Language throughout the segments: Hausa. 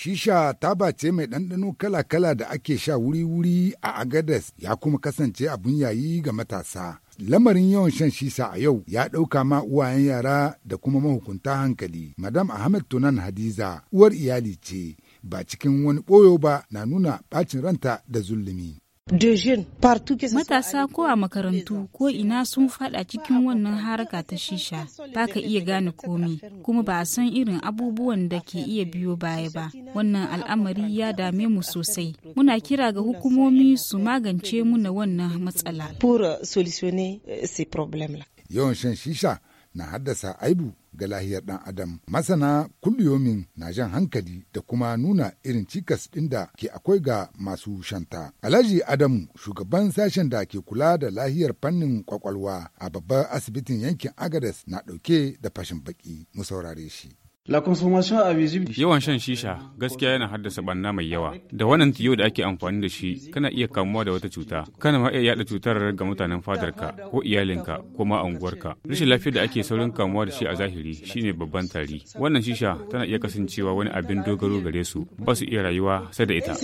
Shisha ta bace mai ɗanɗano kala-kala da ake sha wuri-wuri a Agades ya kuma kasance abun yayi ga matasa. lamarin yawan shan shisha a yau ya ɗauka ma uwayen yara da kuma mahukunta hankali. Madam Ahmed Tunan Hadiza uwar iyali ce ba cikin wani ɓoyo ba na nuna ɓacin ranta da zulumi. Matasa ko a makarantu ko ina sun fada cikin wannan haraka ta shisha ba ka iya gane komi kuma ba a san irin abubuwan da ke iya biyo baya ba. Wannan al'amari ya dame mu sosai. Muna kira ga hukumomi su magance muna wannan matsala. Euh, euh, Yawan shan shisha na haddasa aibu ga lahiyar ɗan adam masana kulliyomin na jan hankali da kuma nuna irin cikas ɗin da ke akwai ga masu shanta alhaji adamu shugaban sashen da ke kula da lahiyar fannin kwakwalwa a babbar asibitin yankin agades na dauke da fashin baki mu saurare shi Yawan shan shisha gaskiya yana haddasa banna mai yawa. Da wannan tiyo da ake amfani da shi kana iya kamuwa da wata cuta. Kana ma iya yada cutar ga mutanen fadarka ko iyalinka ko ma unguwarka. Rashin lafiyar da ake saurin kamuwa da shi a zahiri shine babban tari. Wannan shisha tana iya kasancewa wani abin dogaro gare su ba su iya rayuwa sai da ita.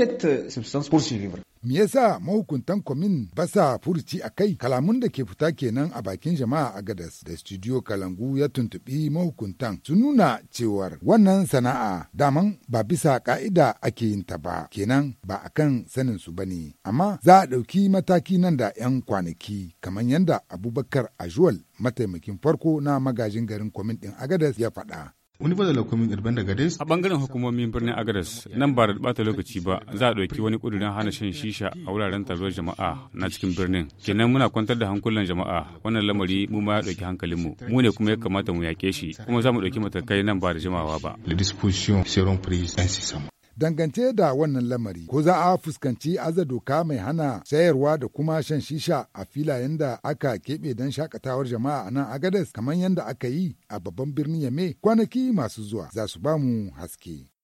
Me yasa mahukuntan kwamin ba sa furuci a kai kalamun da ke fita kenan a bakin jama'a a Gadas da studio Kalangu ya tuntubi mahukuntan su nuna cewar wannan sana'a daman ba bisa ka'ida ake yin ta ba kenan ba a kan sanin su ne. amma za a ɗauki mataki nan da 'yan kwanaki kamar yadda Abubakar Ajuwal mataimakin farko na magajin garin kwamin ɗin Agadas ya faɗa. wani bada komin irban daga des a bangaren hukumomin birnin agadas nan ba da bata lokaci ba za a ɗauki wani ƙudurin hana shan shisha a wuraren taruwar jama'a na cikin birnin kenan muna kwantar da hankulan jama'a wannan lamari mu ma ya ɗauki hankalin mu mu ne kuma ya kamata mu yaƙe shi kuma za mu ɗauki matakai nan ba da jimawa ba les dispositions Dangance da wannan lamari, ko za a fuskanci aza doka mai hana sayarwa da kuma shan shisha a filayen da aka keɓe don shakatawar jama'a a nan Agadez kamar yadda aka yi a babban birnin Yame kwanaki masu zuwa za su ba mu haske.